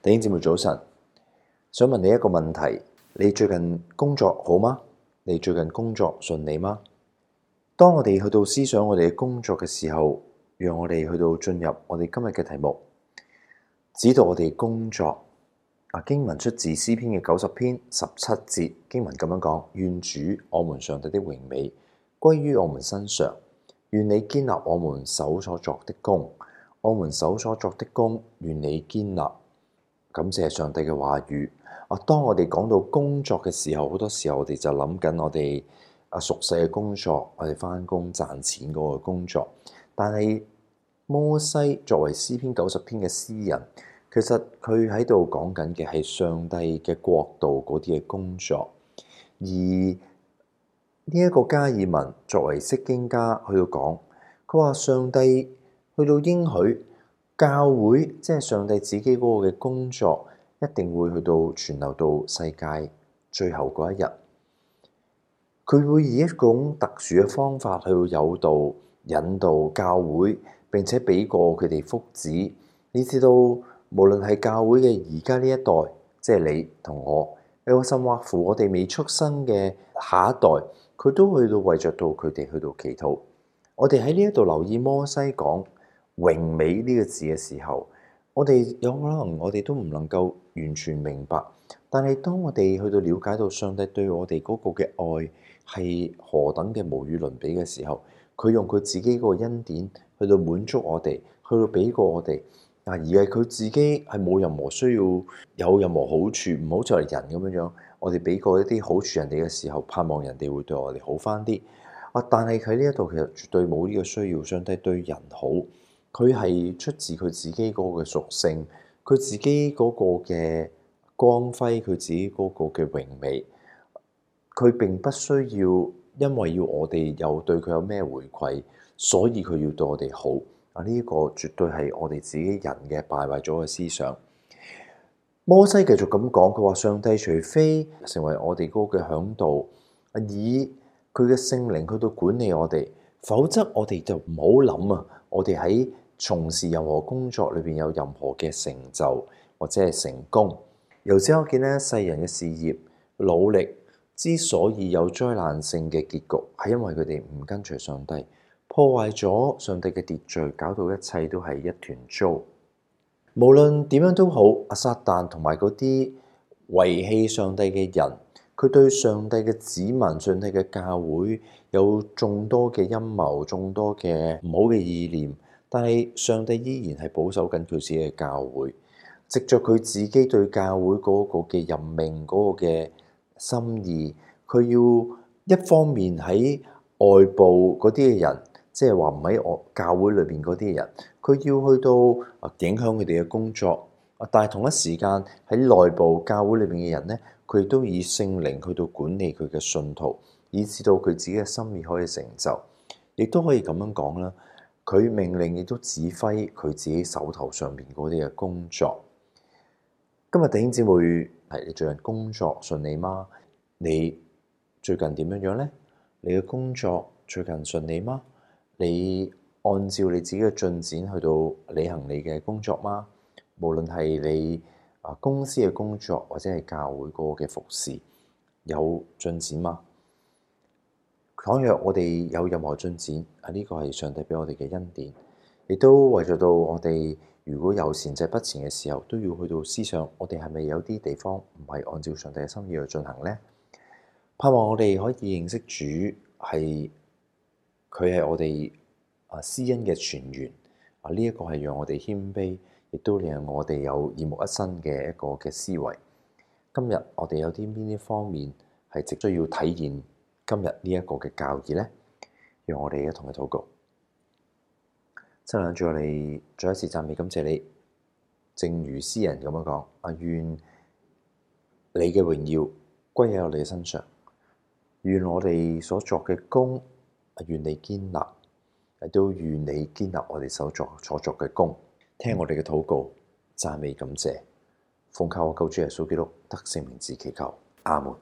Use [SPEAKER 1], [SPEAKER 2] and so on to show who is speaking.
[SPEAKER 1] 弟兄姊妹，早晨。想問你一個問題：你最近工作好嗎？你最近工作順利嗎？當我哋去到思想我哋工作嘅時候，讓我哋去到進入我哋今日嘅題目，指導我哋工作。啊，經文出自詩，詩篇嘅九十篇十七節，經文咁樣講：願主我們上帝的榮美歸於我們身上，願你堅立我們手所作的工。我們手所作的工，願你堅立。感謝上帝嘅話語。啊，當我哋講到工作嘅時候，好多時候我哋就諗緊我哋啊熟悉嘅工作，我哋返工賺錢嗰個工作。但係摩西作為詩篇九十篇嘅詩人，其實佢喺度講緊嘅係上帝嘅國度嗰啲嘅工作。而呢一個加爾文作為釋經家去到講，佢話上帝去到應許。教會即係上帝自己嗰個嘅工作，一定會去到傳流到世界最後嗰一日，佢會以一種特殊嘅方法去到誘導、引導教會，並且俾過佢哋福祉。你知道，無論係教會嘅而家呢一代，即係你同我，甚或乎，我哋未出生嘅下一代，佢都去到為著到佢哋去到祈禱。我哋喺呢一度留意摩西講。榮美呢個字嘅時候，我哋有可能我哋都唔能夠完全明白。但係當我哋去到了解到上帝對我哋嗰個嘅愛係何等嘅無與倫比嘅時候，佢用佢自己個恩典去到滿足我哋，去到俾過我哋嗱，而係佢自己係冇任何需要，有任何好處，唔好就係人咁樣樣，我哋俾過一啲好處人哋嘅時候，盼望人哋會對我哋好翻啲。啊，但係佢呢一度其實絕對冇呢個需要，上帝對人好。佢係出自佢自己嗰個嘅屬性，佢自己嗰個嘅光輝，佢自己嗰個嘅榮美。佢並不需要，因為要我哋又對佢有咩回饋，所以佢要對我哋好啊！呢、這、一個絕對係我哋自己人嘅敗壞咗嘅思想。摩西繼續咁講，佢話：上帝除非成為我哋嗰個響度，以佢嘅聖靈去到管理我哋，否則我哋就唔好諗啊！我哋喺從事任何工作裏邊有任何嘅成就或者係成功，由此我見呢世人嘅事業努力之所以有災難性嘅結局，係因為佢哋唔跟隨上帝，破壞咗上帝嘅秩序，搞到一切都係一團糟。無論點樣都好，阿撒旦同埋嗰啲遺棄上帝嘅人。佢對上帝嘅子民，上帝嘅教會有眾多嘅陰謀，眾多嘅唔好嘅意念，但係上帝依然係保守緊佢自己嘅教會，藉着佢自己對教會嗰個嘅任命嗰個嘅心意，佢要一方面喺外部嗰啲嘅人，即係話唔喺我教會裏邊嗰啲人，佢要去到啊影響佢哋嘅工作。但係同一時間喺內部教會裏面嘅人咧，佢都以聖靈去到管理佢嘅信徒，以至到佢自己嘅心意可以成就，亦都可以咁樣講啦。佢命令亦都指揮佢自己手頭上邊嗰啲嘅工作。今日弟兄姊妹，係你最近工作順利嗎？你最近點樣樣咧？你嘅工作最近順利嗎？你按照你自己嘅進展去到履行你嘅工作嗎？無論係你啊公司嘅工作，或者係教會個嘅服侍，有進展嗎？倘若我哋有任何進展，啊、這、呢個係上帝俾我哋嘅恩典，亦都為咗到我哋如果有善者、就是、不前嘅時候，都要去到思想，我哋係咪有啲地方唔係按照上帝嘅心意去進行呢？盼望我哋可以認識主，係佢係我哋啊施恩嘅泉源啊！呢、這、一個係讓我哋謙卑。亦都令我哋有耳目一新嘅一個嘅思維。今日我哋有啲邊啲方面係值得要體現今日呢一個嘅教義咧？讓我哋一同去禱告。親，再嚟再一次讚美，感謝你，正如詩人咁樣講、啊：，願你嘅榮耀歸喺我哋身上，願我哋所作嘅工、啊，願你堅立，亦都願你堅立我哋所作所作嘅功。聽我哋嘅禱告，讚美感謝，奉靠我救主耶穌基督得勝名字祈求，阿門。